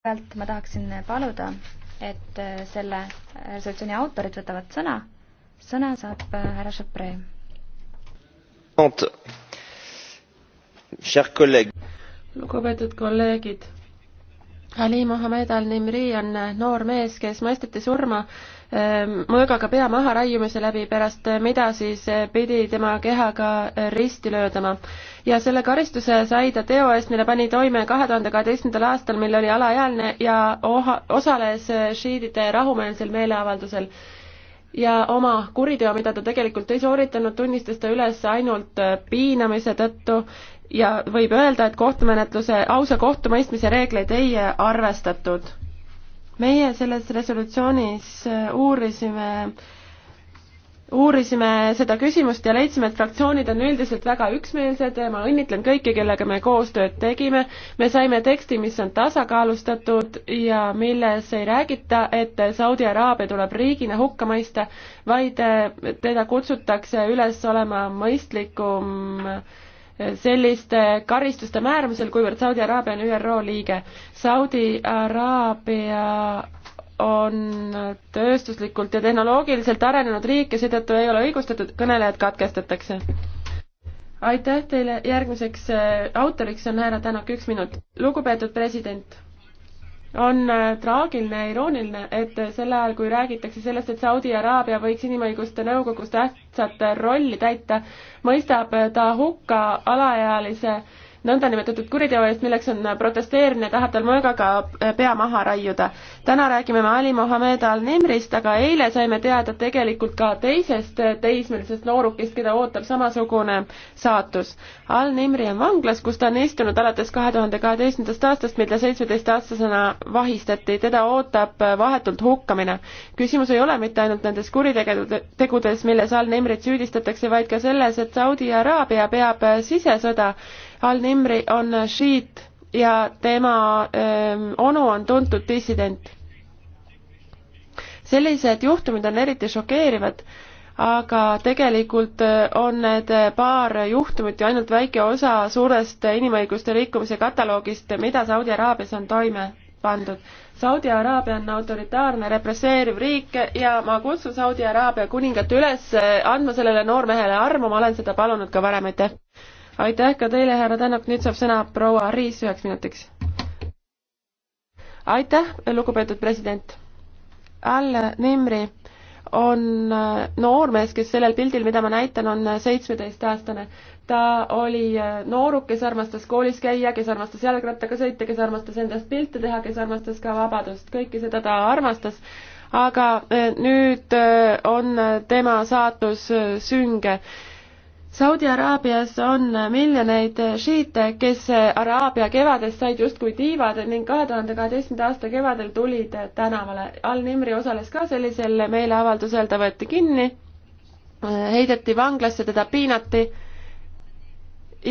kõigepealt ma tahaksin paluda, et äh, selle äh, resolutsiooni autorid võtavad sõna. sõna saab äh, härra Šepre. lugupeetud kolleegid. Ali Mohammed Al-Nimri on noor mees, kes mõisteti surma Ehm, mõõgaga pea maha raiumise läbi, pärast eh, mida siis eh, pidi tema kehaga eh, risti löödama. ja selle karistuse sai ta teo eest, mille pani toime kahe tuhande kaheteistkümnendal aastal, mil oli alaealine ja oha, osales šiidide rahumeelsel meeleavaldusel ja oma kuriteo, mida ta tegelikult ei sooritanud, tunnistas ta üles ainult piinamise tõttu ja võib öelda, et kohtumenetluse ausa kohtumõistmise reegleid ei arvestatud meie selles resolutsioonis äh, uurisime uurisime seda küsimust ja leidsime, et fraktsioonid on üldiselt väga üksmeelsed ja ma õnnitlen kõiki, kellega me koostööd tegime. me saime teksti, mis on tasakaalustatud ja milles ei räägita, et Saudi Araabia tuleb riigina hukka mõista, vaid äh, teda kutsutakse üles olema mõistlikum äh, selliste karistuste määramisel, kuivõrd Saudi Araabia on ÜRO liige. Saudi Araabia on tööstuslikult ja tehnoloogiliselt arenenud riik ja seetõttu ei ole õigustatud, kõnelejad katkestatakse. aitäh teile, järgmiseks äh, autoriks on härra Tänak, üks minut. lugupeetud president on äh, traagiline ja irooniline, et äh, sel ajal, kui räägitakse sellest, et Saudi Araabia võiks Inimõiguste Nõukogus tähtsat rolli täita, mõistab äh, ta hukka alaealise nõndanimetatud kuriteo eest, milleks on protesteerimine, tahab tal mõõgaga pea maha raiuda. täna räägime me Ali Mohammed Al-Nimrist, aga eile saime teada tegelikult ka teisest teismelisest noorukist, keda ootab samasugune saatus. Al-Nimri on vanglas, kus ta on istunud alates kahe tuhande kaheteistkümnendast aastast, mil ta seitsmeteistaastasena vahistati. teda ootab vahetult hukkamine. küsimus ei ole mitte ainult nendes kuritegudes, milles Al-Nimrit süüdistatakse, vaid ka selles, et Saudi Araabia peab sisesõda Al-Nimri on šiit ja tema öö, ehm, onu on tuntud dissident. sellised juhtumid on eriti šokeerivad, aga tegelikult eh, on need paar juhtumit ju ainult väike osa suurest inimõiguste rikkumise kataloogist, mida Saudi Araabias on toime pandud. Saudi Araabia on autoritaarne represseeriv riik ja ma kutsun Saudi Araabia kuningat üles eh, andma sellele noormehele armu, ma olen seda palunud ka varem, aitäh! aitäh ka teile, härra Tänak, nüüd saab sõna proua Riis üheks minutiks. aitäh, lugupeetud president. Al Nimri on äh, noormees, kes sellel pildil, mida ma näitan, on äh, seitsmeteistaastane. ta oli äh, nooruk, kes armastas koolis käia, kes armastas jalgrattaga sõita, kes armastas endast pilte teha, kes armastas ka vabadust, kõike seda ta armastas aga nüüd on tema saatus sünge Saudi Araabias on miljoneid šiite, kes Araabia kevadest said justkui tiivad ning kahe tuhande kaheteistkümnenda aasta kevadel tulid tänavale. Al-Nimri osales ka sellisel meeleavaldusel, ta võeti kinni, heideti vanglasse, teda piinati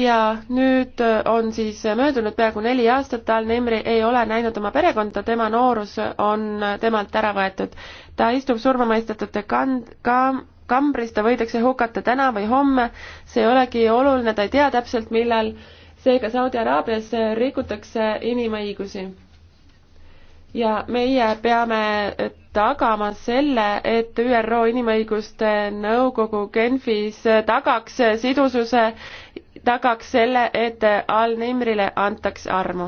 ja nüüd on siis möödunud peaaegu neli aastat, Al-Nimri ei ole näinud oma perekonda, tema noorus on temalt ära võetud. ta istub surmamõistetute kand-, ka kambris, ta võidakse hukata täna või homme, see ei olegi oluline, ta ei tea täpselt, millal, seega Saudi Araabias rikutakse inimõigusi. ja meie peame tagama selle, et ÜRO Inimõiguste Nõukogu Genfis tagaks sidususe, tagaks selle, et Al-Nimrile antaks armu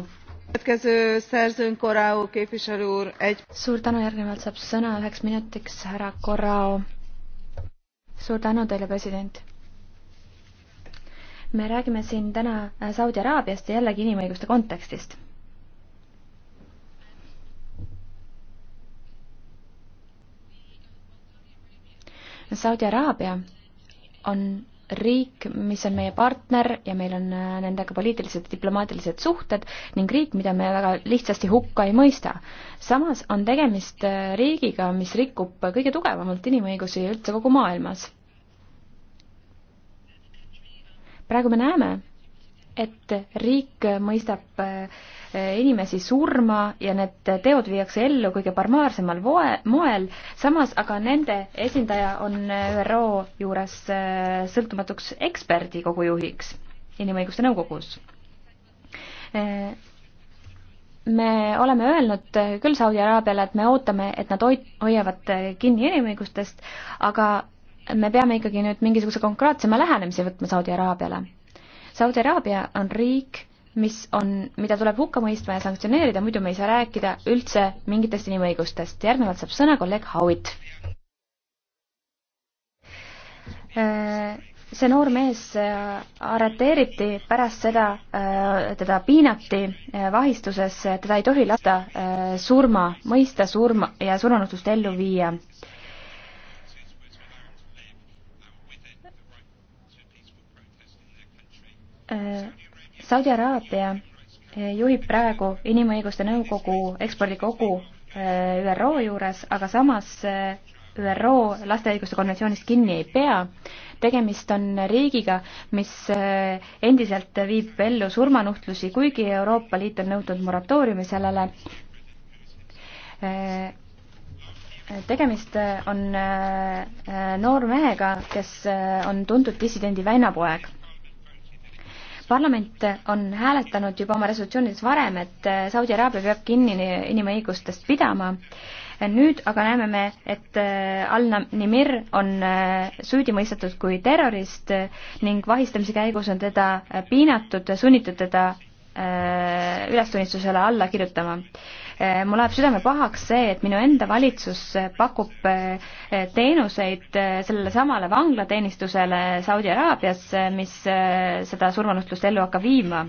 suur tänu, järgnevalt saab sõna üheks minutiks härra Korrao suur tänu teile, president. me räägime siin täna äh, Saudi Araabiast ja jällegi inimõiguste kontekstist. Saudi Araabia on riik, mis on meie partner ja meil on äh, nendega poliitilised ja diplomaatilised suhted ning riik, mida me väga lihtsasti hukka ei mõista. samas on tegemist äh, riigiga, mis rikub kõige tugevamalt inimõigusi üldse kogu maailmas. praegu me näeme, et riik mõistab eh, inimesi surma ja need teod viiakse ellu kõige barbaarsemal moel, samas aga nende esindaja on ÜRO juures eh, sõltumatuks eksperdikogu juhiks Inimõiguste Nõukogus. Eh, me oleme öelnud küll Saudi Araabiale, et me ootame, et nad hoid-, hoiavad kinni inimõigustest, aga me peame ikkagi nüüd mingisuguse konkreetsema lähenemise võtma Saudi Araabiale Saudi Araabia on riik, mis on, mida tuleb hukka mõistma ja sanktsioneerida, muidu me ei saa rääkida üldse mingitest inimõigustest. järgnevalt saab sõna kolleeg Howitt. Äh, see noor mees äh, arreteeriti pärast seda, äh, teda piinati vahistuses, teda ei tohi lasta surma, mõista surma ja surnunutust ellu viia Äh, Saudi Araabia äh, juhib praegu Inimõiguste Nõukogu ekspordikogu äh, ÜRO juures, aga samas ÜRO laste õiguste konventsioonist kinni ei pea. tegemist on riigiga, mis endiselt viib ellu surmanuhtlusi, kuigi Euroopa Liit on nõudnud moratooriumi sellele. tegemist on noormehega, kes on tuntud dissidendi väinapoeg parlament on hääletanud juba oma resolutsioonides varem, et Saudi Araabia peab kinni inimõigustest pidama. nüüd aga näeme me, et Al-Nimir on süüdi mõistetud kui terrorist ning vahistamise käigus on teda piinatud, sunnitud teda Äh, ülestunnistusele alla kirjutama. Äh, mul läheb südame pahaks see, et minu enda valitsus äh, pakub teenuseid sellele samale vanglateenistusele Saudi Araabias, mis seda surmanuhtlust ellu hakkab viima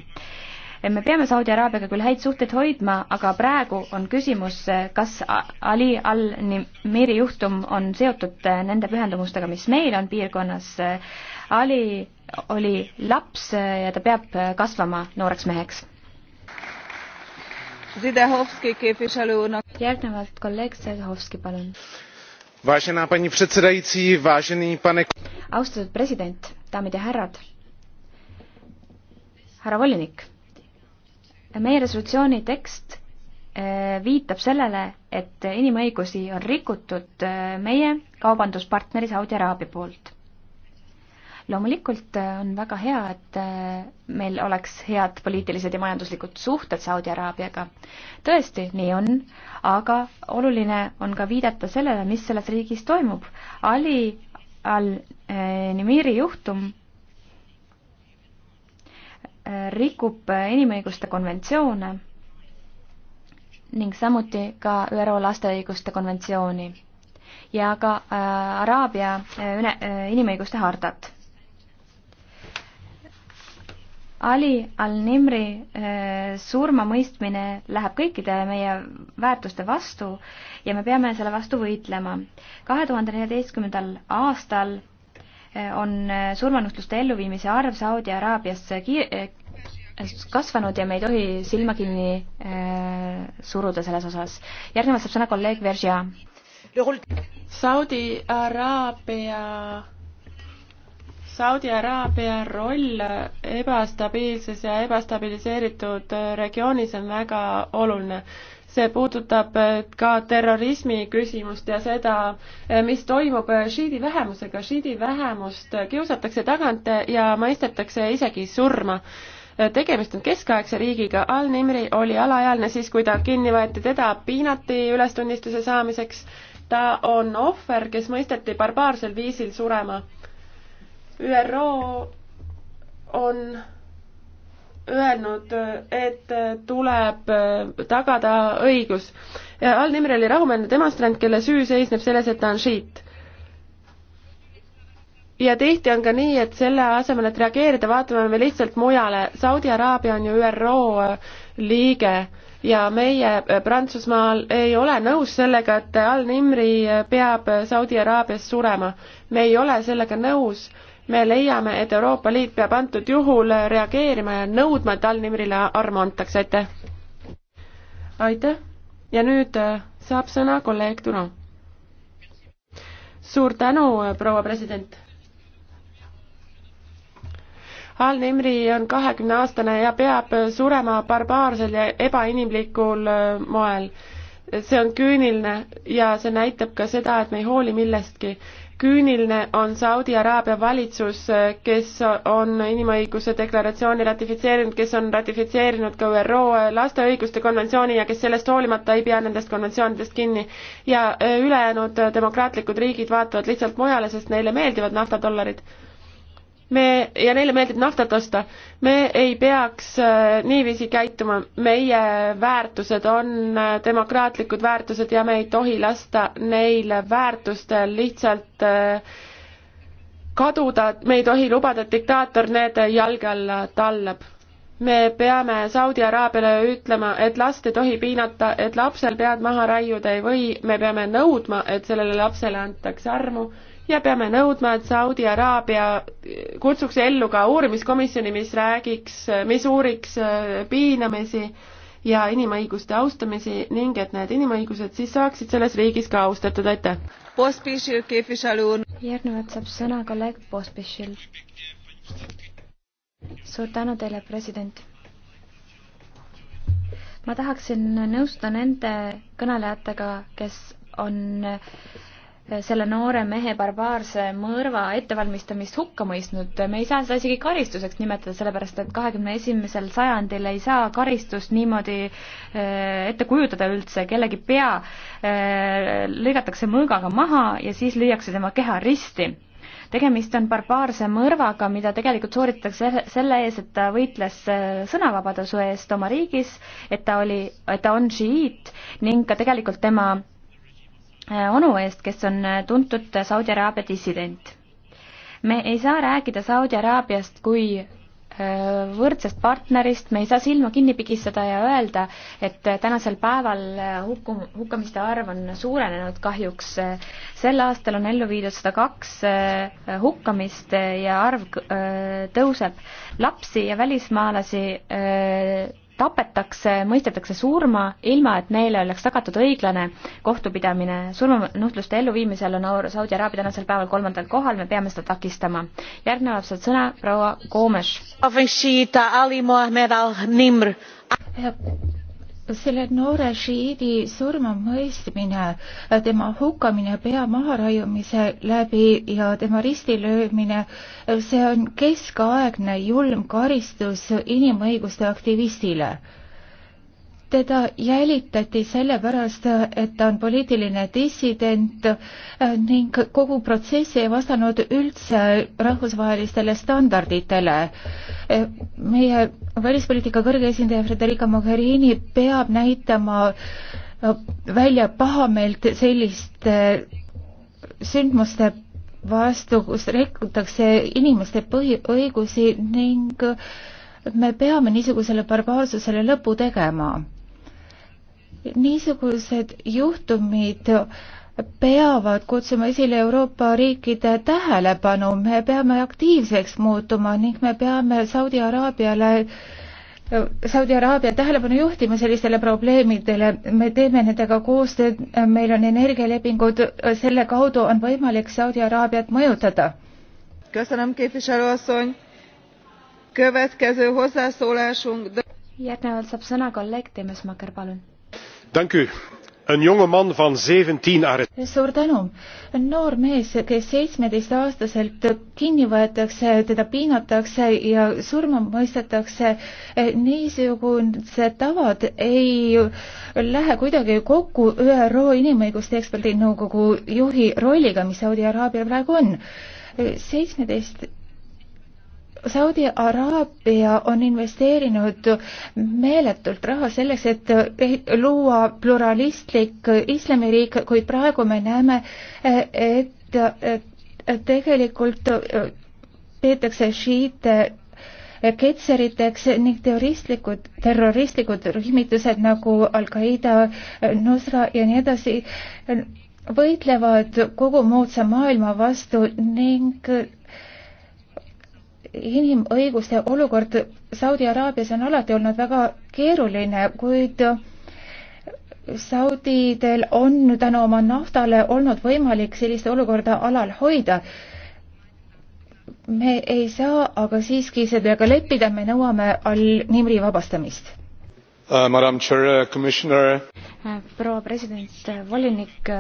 me peame Saudi Araabiaga küll häid suhteid hoidma, aga praegu on küsimus, kas Ali al-Nimiri juhtum on seotud nende pühendumustega, mis meil on piirkonnas. Ali oli laps ja ta peab kasvama nooreks meheks. järgnevalt kolleeg Zedehovski, palun. austatud president, daamid ja härrad, härra volinik, meie resolutsiooni tekst eh, viitab sellele, et inimõigusi on rikutud eh, meie kaubanduspartneri Saudi Araabia poolt loomulikult äh, on väga hea, et äh, meil oleks head poliitilised ja majanduslikud suhted Saudi Araabiaga. tõesti, nii on, aga oluline on ka viidata sellele, mis selles riigis toimub. Ali al-Nimiri juhtum äh, rikub inimõiguste konventsioone ning samuti ka ÜRO laste õiguste konventsiooni ja ka Araabia inimõiguste hardat Ali al-Nimri äh, surmamõistmine läheb kõikide meie väärtuste vastu ja me peame selle vastu võitlema. kahe tuhande neljateistkümnendal aastal äh, on äh, surmanuhtluste elluviimise arv Saudi Araabias kasvanud ja me ei tohi silma kinni suruda selles osas. järgnevalt saab sõna kolleeg Veržia. Saudi Araabia Saudi Araabia roll ebastabiilses ja ebastabiliseeritud regioonis on väga oluline. see puudutab ka terrorismi küsimust ja seda, mis toimub šiidi vähemusega. šiidi vähemust kiusatakse tagant ja mõistetakse isegi surma tegemist on keskaegse riigiga, Al-Nimri oli alaealine siis, kui ta kinni võeti, teda piinati ülestunnistuse saamiseks, ta on ohver, kes mõisteti barbaarsel viisil surema ÜRO on öelnud, et tuleb tagada õigus. allnimel oli rahumeelne demonstrant, kelle süü seisneb selles, et ta on šiit. ja tihti on ka nii, et selle asemel, et reageerida, vaatame me lihtsalt mujale. Saudi Araabia on ju ÜRO liige ja meie Prantsusmaal ei ole nõus sellega, et Al-Nimri peab Saudi Araabias surema. me ei ole sellega nõus me leiame, et Euroopa Liit peab antud juhul reageerima ja nõudma, et Al-Nimrile armu antakse, aitäh! aitäh ja nüüd äh, saab sõna kolleeg Turo. suur tänu, äh, proua president! Al-Nimri on kahekümne aastane ja peab surema barbaarsel ja ebainimlikul äh, moel see on küüniline ja see näitab ka seda, et me ei hooli millestki küüniline on Saudi Araabia valitsus, kes on inimõiguse deklaratsiooni ratifitseerinud, kes on ratifitseerinud ka ÜRO laste õiguste konventsiooni ja kes sellest hoolimata ei pea nendest konventsioonidest kinni. ja äh, ülejäänud demokraatlikud riigid vaatavad lihtsalt mujale, sest neile meeldivad naftadollarid me, ja neile meeldib naftat osta. me ei peaks äh, niiviisi käituma, meie väärtused on äh, demokraatlikud väärtused ja me ei tohi lasta neil väärtustel lihtsalt äh, kaduda, me ei tohi lubada, et diktaator need jalge alla tallab me peame Saudi Araabiale ütlema, et last ei tohi piinata, et lapsel pead maha raiuda ei või, me peame nõudma, et sellele lapsele antakse armu ja peame nõudma, et Saudi Araabia kutsuks ellu ka uurimiskomisjoni, mis räägiks, mis uuriks äh, piinamisi ja inimõiguste austamisi ning et need inimõigused siis saaksid selles riigis ka austatud, aitäh! järgnevalt saab sõna kolleeg Pospišil. suur tänu teile, president! ma tahaksin nõustuda nende kõnelejatega, kes on äh, selle noore mehe barbaarse mõrva ettevalmistamist hukka mõistnud. me ei saa seda isegi karistuseks nimetada, sellepärast et kahekümne esimesel sajandil ei saa karistust niimoodi äh, ette kujutada üldse, kellegi pea äh, lõigatakse mõõgaga maha ja siis lüüakse tema keha risti tegemist on barbaarse mõrvaga, mida tegelikult sooritatakse selle ees, et ta võitles äh, sõnavabaduse eest oma riigis, et ta oli, et ta on šiiit ning ka tegelikult tema Äh, onu eest, kes on äh, tuntud äh, Saudi Araabia dissident. me ei saa rääkida Saudi Araabiast kui võrdsest partnerist, me ei saa silma kinni pigistada ja öelda, et tänasel päeval hukkum-, hukkamiste arv on suurenenud kahjuks. sel aastal on ellu viidud sada kaks hukkamist ja arv tõuseb. lapsi ja välismaalasi tapetakse, mõistetakse surma, ilma et neile oleks tagatud õiglane kohtupidamine. surmanuhtluste elluviimisel on Saudi Araabia tänasel päeval kolmandal kohal, me peame seda takistama. järgnevalt saab sõna proua Koomes selle noore šiidi surmamõistmine, tema hukkamine pea maharaiumise läbi ja tema ristilöömine, see on keskaegne julm karistus inimõiguste aktivistile teda jälitati sellepärast, et ta on poliitiline dissident äh, ning kogu protsess ei vastanud üldse rahvusvahelistele standarditele. Äh, meie välispoliitika kõrge esindaja Frederica Mogherini peab näitama äh, välja pahameelt selliste sündmuste vastu, kus rikutakse inimeste põhiõigusi ning me peame niisugusele barbaarsusele lõpu tegema niisugused juhtumid peavad kutsuma esile Euroopa riikide tähelepanu, me peame aktiivseks muutuma ning me peame Saudi Araabiale Saudi Araabia tähelepanu juhtima sellistele probleemidele, me teeme nendega koostööd, meil on energialepingud, selle kaudu on võimalik Saudi Araabiat mõjutada. järgnevalt saab sõna kolleeg Temesmaker, palun een jongeman van 17 arresteeriti. suur tänu. noor mees, kes seitsmeteistaastaselt kinni võetakse, teda piinatakse ja surma mõistetakse, niisugused tavad ei lähe kuidagi kokku ÜRO Inimõiguste Eksperdinõukogu juhi rolliga, mis Saudi Araabia praegu on. seitsmeteist 17 Saudi Araabia on investeerinud meeletult raha selleks, et eh, luua pluralistlik islamiriik, kuid praegu me näeme, eh, et, et eh, tegelikult peetakse šiite ketseriteks ning terroristlikud, terroristlikud rühmitused nagu Al-Qaeda, Nusra ja nii edasi võitlevad kogu moodsa maailma vastu ning inimõiguste olukord Saudi Araabias on alati olnud väga keeruline, kuid Saudidel on tänu oma naftale olnud võimalik sellist olukorda alal hoida. me ei saa aga siiski sellega leppida, me nõuame Al-Nimri vabastamist uh,. uh, uh proua president, uh, volinik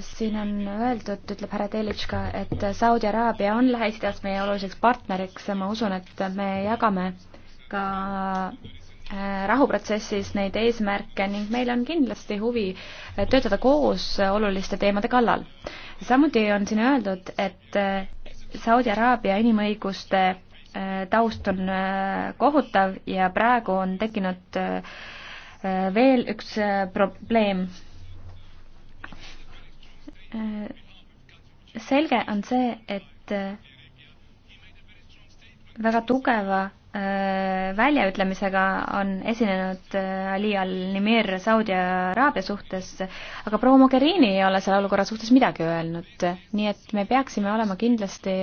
siin on öeldud, ütleb härra Telitška, et Saudi Araabia on Lähis-Idas meie oluliseks partneriks ja ma usun, et me jagame ka äh, rahuprotsessis neid eesmärke ning meil on kindlasti huvi töötada koos oluliste teemade kallal. samuti on siin öeldud, et äh, Saudi Araabia inimõiguste äh, taust on kohutav ja praegu on tekkinud veel üks probleem Äh, selge on see, et äh, väga tugeva äh, väljaütlemisega on esinenud Ali al-Nimir Saudi Araabia suhtes, aga proua Mogherini ei ole selle olukorra suhtes midagi öelnud, nii et me peaksime olema kindlasti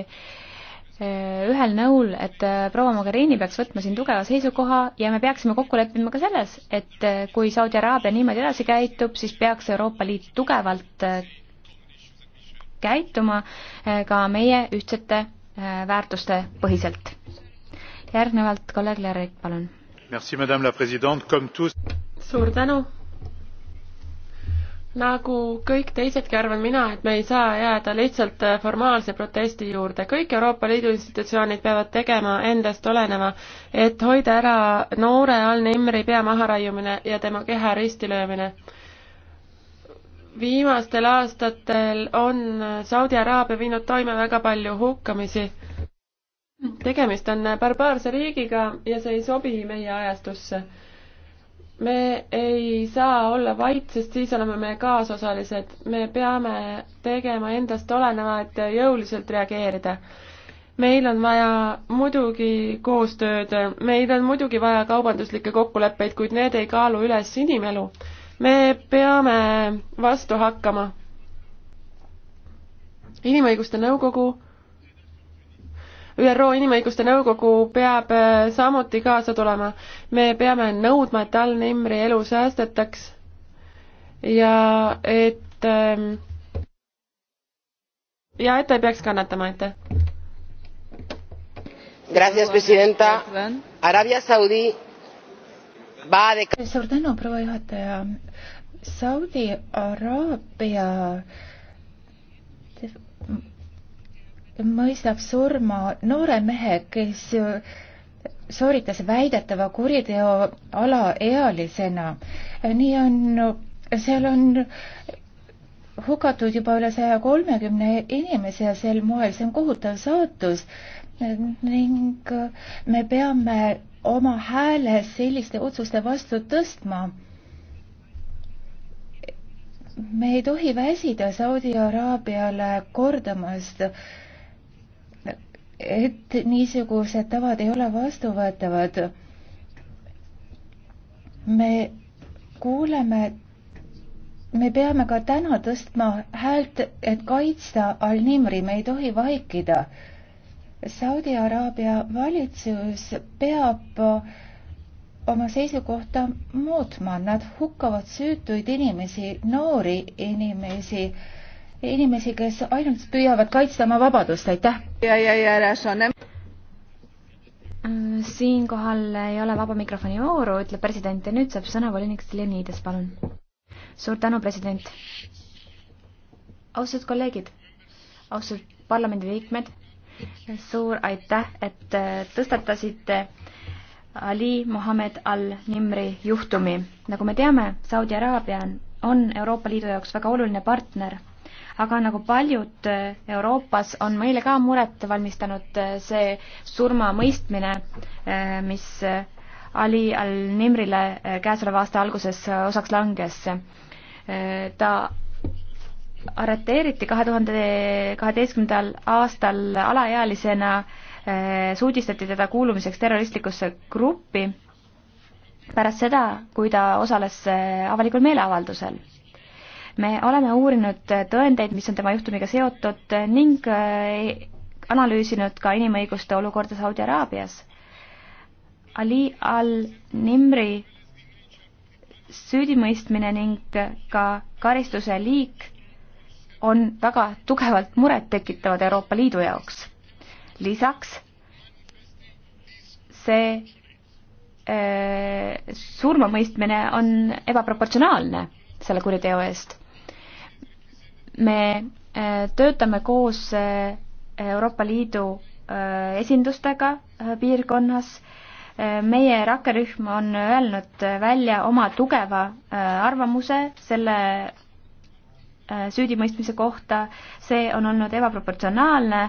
ühel nõul, et proua Mogherini peaks võtma siin tugeva seisukoha ja me peaksime kokku leppima ka selles, et kui Saudi Araabia niimoodi edasi käitub, siis peaks Euroopa Liit tugevalt käituma äh, ka meie ühtsete äh, väärtuste põhiselt. järgnevalt kolleeg Lerik, palun. suur tänu. nagu kõik teisedki, arvan mina, et me ei saa jääda lihtsalt äh, formaalse protesti juurde. kõik Euroopa Liidu institutsioonid peavad tegema endast oleneva, et hoida ära noore Al-Nimri pea maharaiumine ja tema keha ristilöömine viimastel aastatel on Saudi Araabia viinud toime väga palju hukkamisi. tegemist on barbaarse riigiga ja see ei sobi meie ajastusse. me ei saa olla vait, sest siis oleme me kaasosalised. me peame tegema endast oleneva, et jõuliselt reageerida meil on vaja muidugi koostööd, meil on muidugi vaja kaubanduslikke kokkuleppeid, kuid need ei kaalu üles inimelu me peame vastu hakkama. inimõiguste nõukogu ÜRO Inimõiguste Nõukogu peab äh, samuti kaasa tulema. me peame nõudma, et Al-Nimri elu säästetaks ja et ähm, ja et ta ei peaks kannatama, aitäh. Gracias, presidenta. Arabia Saudi suur tänu, proua juhataja. Saudi Araabia mõistab surma noore mehe, kes sooritas väidetava kuriteo alaealisena. nii on, seal on hukatud juba üle saja kolmekümne inimese ja sel moel, see on kohutav saatus ning me peame oma hääle selliste otsuste vastu tõstma. me ei tohi väsida Saudi Araabiale kordamast, et niisugused tavad ei ole vastuvõetavad. me kuuleme, me peame ka täna tõstma häält, et kaitsta Al-Nimri, me ei tohi vaikida Saudi Araabia valitsus peab äh, oma seisukohta muutma, nad hukkavad süütuid inimesi, noori inimesi, inimesi, kes ainult püüavad kaitsta oma vabadust, aitäh! ja, ja, ja ära sõna. Äh, siinkohal ei ole vaba mikrofoni vooru, ütleb president ja nüüd saab sõna volinik Leonides, palun. suur tänu, president! austatud kolleegid, austatud parlamendiliikmed suur aitäh, et äh, tõstatasite Ali Mohammed al-Nimri juhtumi. nagu me teame, Saudi Araabia on Euroopa Liidu jaoks väga oluline partner, aga nagu paljud äh, Euroopas, on meile ka muret valmistanud äh, see surmamõistmine, mis Ali al-Nimrile käesoleva aasta alguses osaks langes. ta arreteeriti kahe tuhande kaheteistkümnendal aastal alaealisena, eh, süüdistati teda kuulumiseks terroristlikusse gruppi pärast seda, kui ta osales eh, avalikul meeleavaldusel. me oleme uurinud eh, tõendeid, mis on tema juhtumiga seotud ning analüüsinud ka inimõiguste olukorda Saudi Araabias. Ali al-Nimri süüdimõistmine ning ka karistuse liik on väga tugevalt murettekitavad Euroopa Liidu jaoks. lisaks see äh, surmamõistmine on ebaproportsionaalne selle kuriteo eest. me äh, töötame koos äh, Euroopa Liidu esindustega piirkonnas. meie rakkerühm on öelnud välja oma tugeva arvamuse selle Äh, süüdimõistmise kohta, see on olnud ebaproportsionaalne,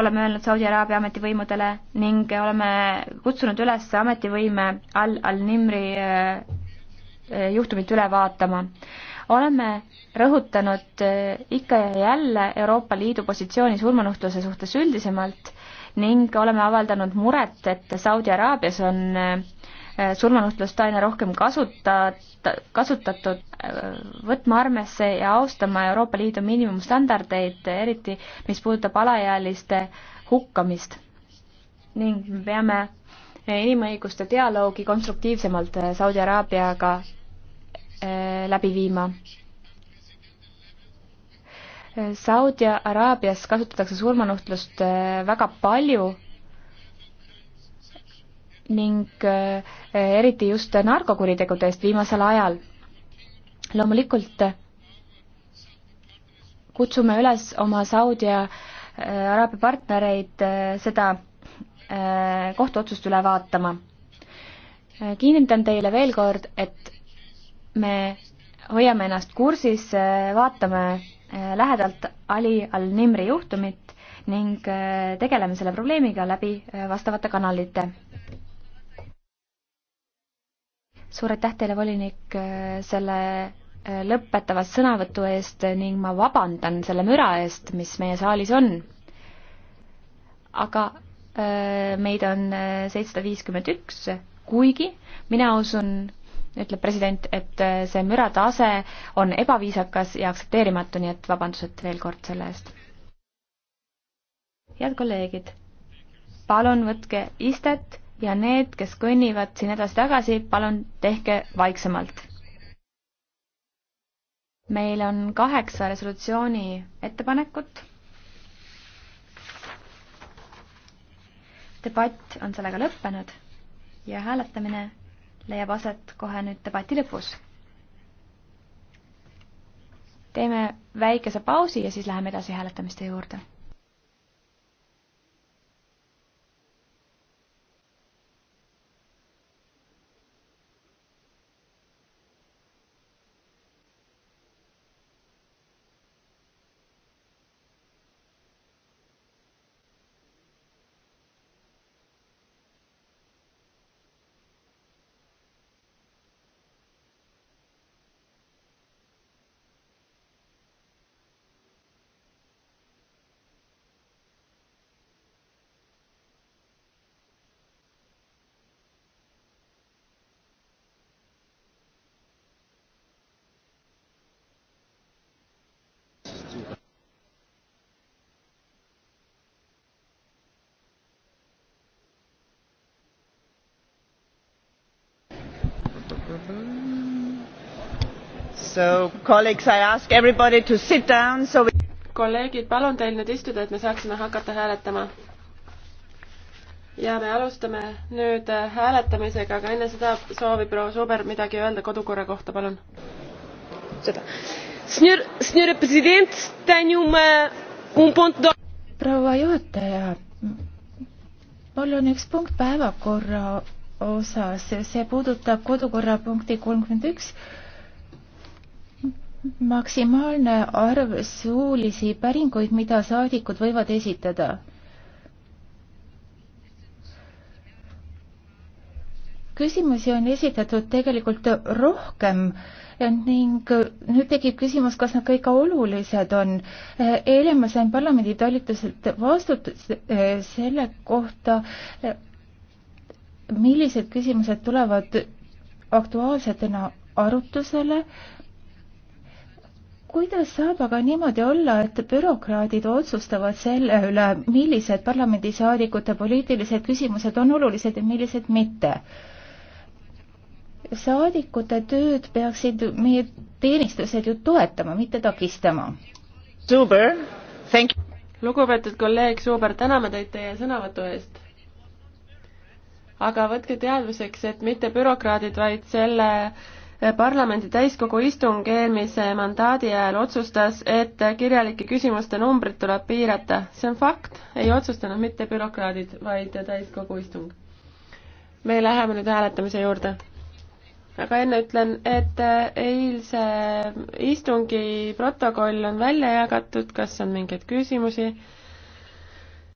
oleme öelnud Saudi Araabia ametivõimudele ning oleme kutsunud üles ametivõime Al Al-Nimri äh, äh, juhtumit üle vaatama. oleme rõhutanud ikka ja jälle Euroopa Liidu positsiooni surmanuhtluse suhtes üldisemalt ning oleme avaldanud muret, et Saudi Araabias on äh, Äh, surmanuhtlust aina rohkem kasuta-, kasutatud, äh, võtma armesse ja austama Euroopa Liidu miinimumstandardeid, eriti mis puudutab alaealiste hukkamist. ning me peame inimõiguste dialoogi konstruktiivsemalt äh, Saudi Araabiaga läbi viima Saudi Araabias kasutatakse surmanuhtlust väga palju ning äh, eriti just narkokuritegude eest viimasel ajal. loomulikult kutsume üles oma Saudi äh, Araabia partnereid äh, seda kohtuotsust üle vaatama. kinnitan teile veel kord, et me hoiame ennast kursis, vaatame lähedalt Ali al-Nimri juhtumit ning tegeleme selle probleemiga läbi vastavate kanalite suur aitäh teile, volinik, äh, selle äh, lõpetava sõnavõtu eest ning ma vabandan selle müra eest, mis meie saalis on. aga äh, meid on seitsesada viiskümmend üks, kuigi mina usun, ütleb president, et see müra tase on ebaviisakas ja aktsepteerimatu, nii et vabandused veel kord selle eest. head kolleegid, palun võtke istet ja need, kes kõnnivad siin edasi-tagasi, palun tehke vaiksemalt. meil on kaheksa resolutsiooni ettepanekut. debatt on sellega lõppenud ja hääletamine leiab aset kohe nüüd debati lõpus. teeme väikese pausi ja siis läheme edasi hääletamiste juurde kolleegid, palun teil nüüd istuda, et me saaksime hakata hääletama. ja me alustame nüüd äh, hääletamisega, aga enne seda soovib proua Suber midagi öelda kodukorra kohta, palun. Um proua juhataja, mul on üks punkt päevakorra osas, see puudutab kodukorrapunkti kolmkümmend üks maksimaalne arv suulisi päringuid, mida saadikud võivad esitada. küsimusi on esitatud tegelikult rohkem ning nüüd tekib küsimus, kas nad ka ikka olulised on. eile ma sain parlamendi talituselt vastutuse eh, selle kohta, millised küsimused tulevad aktuaalsetena arutusele kuidas saab aga niimoodi olla, et bürokraadid otsustavad selle üle, millised parlamendisaadikute poliitilised küsimused on olulised ja millised mitte? saadikute tööd peaksid meie teenistused ju toetama, mitte takistama. lugupeetud kolleeg Suuber, täname teid teie sõnavõtu eest aga võtke teadmiseks, et mitte bürokraadid, vaid selle parlamendi täiskogu istung eelmise mandaadi ajal otsustas, et kirjalike küsimuste numbrit tuleb piirata. see on fakt, ei otsustanud mitte bürokraadid, vaid täiskogu istung. me läheme nüüd hääletamise juurde. aga enne ütlen, et eilse istungi protokoll on välja jagatud, kas on mingeid küsimusi